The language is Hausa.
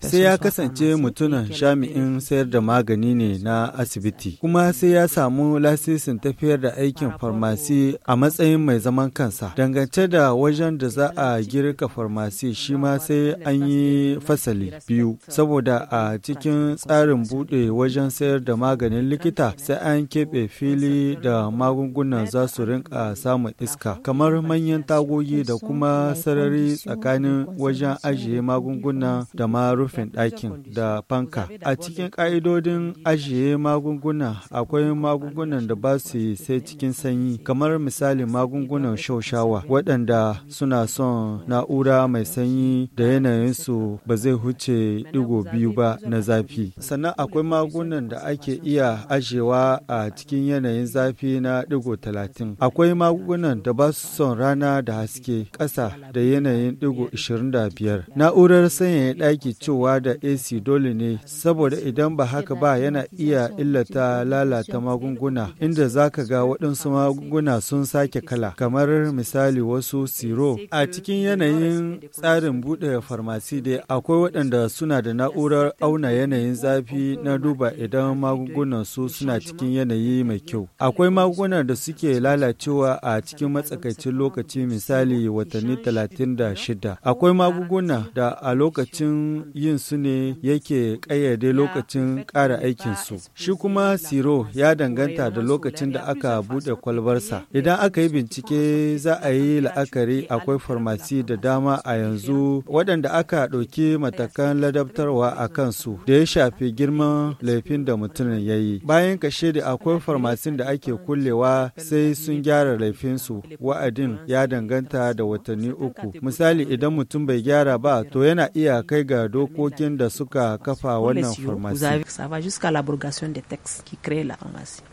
Sai ya kasance mutumin shami'in sayar da magani ne na asibiti, kuma sai ya samu lasisin tafiyar da aikin farmasi a matsayin mai zaman kansa. Dangance da wajen da za a girka farmasi shi ma sai an yi fasali biyu, saboda a cikin tsarin buɗe wajen sayar da maganin likita sai an keɓe fili da magungunan za su rinka samun iska, kamar manyan tagogi da kuma sarari tsakanin wajen ajiye magungunan. magunguna da ma rufin ɗakin da fanka. A cikin ƙa'idodin ajiye magunguna akwai magungunan da ba su yi sai cikin sanyi kamar misali magungunan shaushawa waɗanda suna son na'ura mai sanyi da yanayinsu ba zai huce ɗigo biyu ba na zafi. Sannan akwai magungunan da ake iya ajiyewa a cikin yanayin zafi na digo talatin. Akwai magungunan da ba su son rana da haske ƙasa da yanayin digo ashirin da biyar. Na'ura na'urar sanyaya ɗaki cewa da ac dole ne saboda idan ba haka ba yana iya illata lalata magunguna inda za ka ga waɗansu magunguna sun sake kala kamar misali wasu siro a cikin yanayin tsarin buɗe farmasi dai akwai waɗanda suna da na'urar auna yanayin zafi na duba idan magungunan su suna cikin yanayi mai kyau akwai magungunan da suke lalacewa a cikin matsakaicin lokaci misali watanni 36 akwai magunguna da a lokacin yin su ne yake kayyade lokacin ƙara su Shi kuma siro ya danganta da lokacin da aka buɗe kwalbarsa. Idan aka yi bincike za a yi la'akari akwai farmasi da dama a yanzu waɗanda aka ɗauki matakan ladabtarwa a kansu da ya shafi girman laifin da mutumin ya yi. Bayan kashe da akwai farmasin da ake kullewa sai sun gyara laifinsu wa'adin ya danganta da watanni uku. Misali idan mutum bai gyara ba to yana iya kai ga dokokin da suka kafa wannan farmasi.